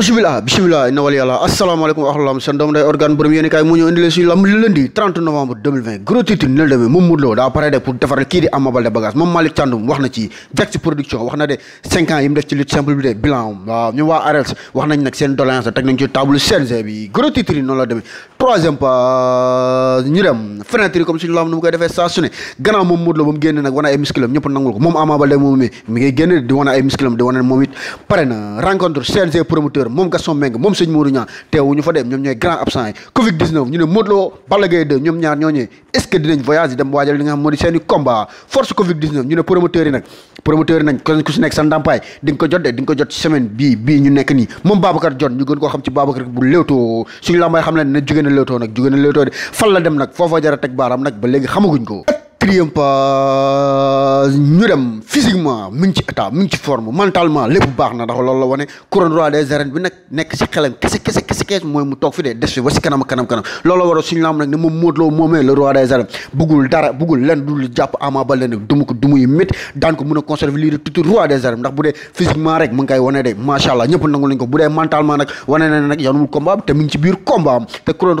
bismillah bismillah inna wali yàlla asalaamaaleykum wa rahmatulah seen doom day mu ñëw indilee suñu lamb lundi 30 novembre gros titre ne demee moom moom Malick Thiandoum wax na ci Jax production wax na de 5 ans yi mu ci lutte seen doléance bi gros titre noonu la demee troisième pas ñu dem fenêtre yi comme suñu lamb nu mu koy defee saa su moom Modou ba mu génne nag wane ay musculam ñëpp nangul ko moom Ama Baldé moom mi mi ngi génne di Bombardier moom Gaston Mbengue moom sëñ Modou Niang teewu ñu fa dem ñoom ñooy grand absent yi Covid 19 ñu ne Modou Lo Balla ñoom ñaar ñooñee est dinañ voyage dem waajal li nga xam moo di seen i combat force Covid 19 ñu ne promoteurs yi nag promoteurs yi nañ kon ku nekk sa ndàmpaay di ko jot de di nga ko jot semaine bii bii ñu nekk nii moom Babacar Dione ñu gën koo xam ci Babacar bu Leewtoo suñu làmbaay xam ne ne jóge na Leewtoo nag jóge na Leewtoo de fan la dem nag foofa jara teg baaram ko quatrième pas ñu dem physiquement mi ci état mi ngi ci forme mentalement lépp baax na ndax loolu la wane couronne roi a arènes bi nag nekk ci xelam kese kese conséquence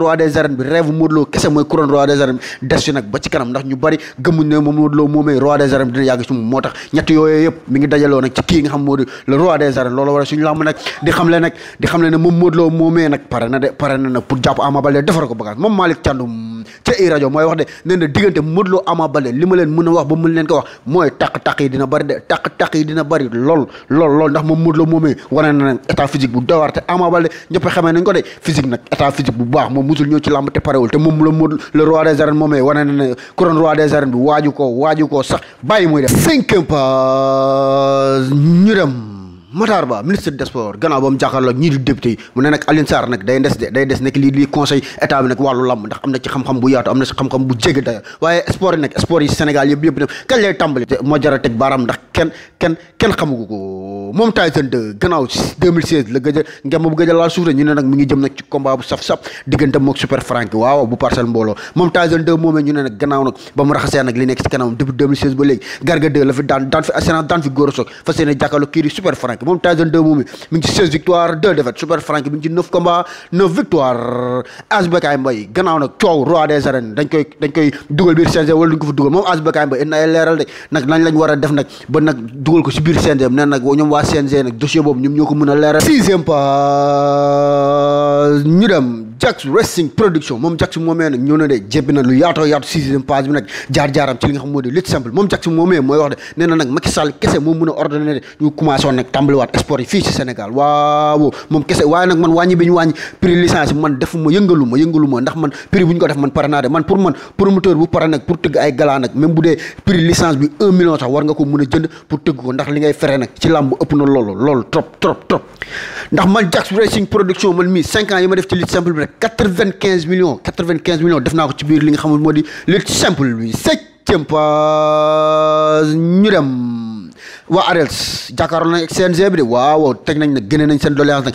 roi des arènes bi rêve Modou kese mooy couronne roi des arènes bi des fi nag ba ci kanam ndax ñu bari gëmuñ ne moom Modou moomee roi des arènes dina yàgg ci moo tax ñett yooyu yëpp mi ngi dajaloo nag ci kii nga xam moo di roi des arènes looloo waral suñu lamb nag di xam le moom Modou moomee nag pare na de pare na nag pour jàpp Ama Baldé defar ko bagage moom Malick Thiandoum ca i rajo mooy wax de nee diggante Modou Lo Ama Baldé li ma leen mën a wax ba mën leen ko wax mooy taq-taq yi dina bëri de taq-taq yi dina bëri lool lool lool ndax moom Modou Lo moomee wane na nag état physique bu doy waar te Ama Baldé ñëpp xamee nañ ko de physique nag état physique bu baax moom musul ñëw ci làmb te parewul te moom la Modou le roi des arènes moomee wane na ne couronne roi des arènes bi waaju ko waaju ko sax Matar Ba ministre des sports gannaaw ba mu jàkkaarloo ñii di député yi mu ne nag Alioune Sarr day des de day des nekk lii lii conseil état bi nag wàllu ndax am na ci xam-xam bu yaatu am na ci xam-xam bu jéggi daya waaye sport yi nag sport yi Sénégal yëpp yëpp nag kañ lay tàmbali moo jar a teg baaraam ndax kenn kenn kenn xamugu ko waaw moom Tyson 2 gannaaw 2016 la gëj a ngem bu gëj nag mi ngi jëm nag ci combat bu saf-saf diggante mook super waaw bu parcelle mbooloo moom Tyson 2 moomee ñu ne nag gannaaw nag ba mu raxasee nag li nekk ci kanam depuis 2016 ba léegi Garga 2 la fi daan daan fi assurance daan fi góor moom Tyson 2 moomee mi ngi ci 16 victoire 2 défaite super frank mi ngi ci 9 combat 9 victoire Asbekaay Mbaye gannaaw nag moom Asbekaay Mbaye waa CNG nag dossier boobu ñoom ñoo ko mën a leeral sixième pas ñu dem Jax Wrestling Production moom Jax moomee nag ñëw na de jébbi na lu yaatoo yaatu sixième page bi nag jaar-jaaram ci li nga xam moo di lutte simple moom Jax moomee mooy wax de nee nag a ordonné de ñu commencé woon nag tàmbaliwaat sport man wàññi bi Production man mii cinq ans yi ma def ci lutte simple bi rek nag vingt quinze millions quatre-vingt-quinze def naa ko ci biir li nga xam moo di lutte simple bi septième pas waa ARELS jàkkaaroon nañ ak CNG bi de waaw teg nañ nag génne nañ seen doléance nag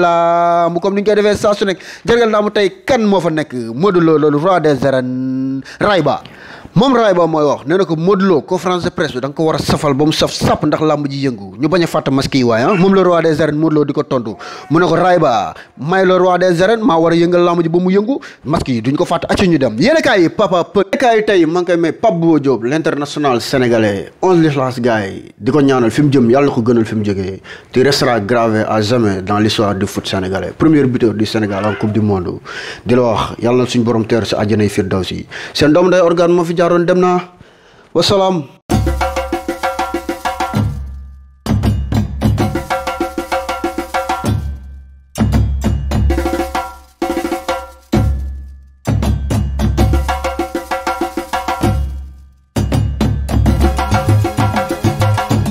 laamu comme ni ñu koy defee saa su nekk jërgal laamu tey kan moo fa nekk Modou Lo loolu roi des arènes Rayba moom rawaay boobu mooy wax nee na ko Modou Lo conférence de presse bi ko war a safal ba mu saf sàpp ndax làmb yëngu ñu bañ fàtte masque yi waaye ah, moom la roi des arènes Modou di ko tontu mu ne ko raay may la roi des arènes maa war a yëngal làmb ba mu yëngu masque yi duñ ko fàtte acci ñu dem yéen yi papa peu yéen kaay yi koy may Pape Bouba Diop l' international onze l'Ikhlas gars di ko ñaanal fi jëm yàlla ko gënal fi jógee la wax borom teer sa àjjanay firdawsi jaaroon dem naa wasalaam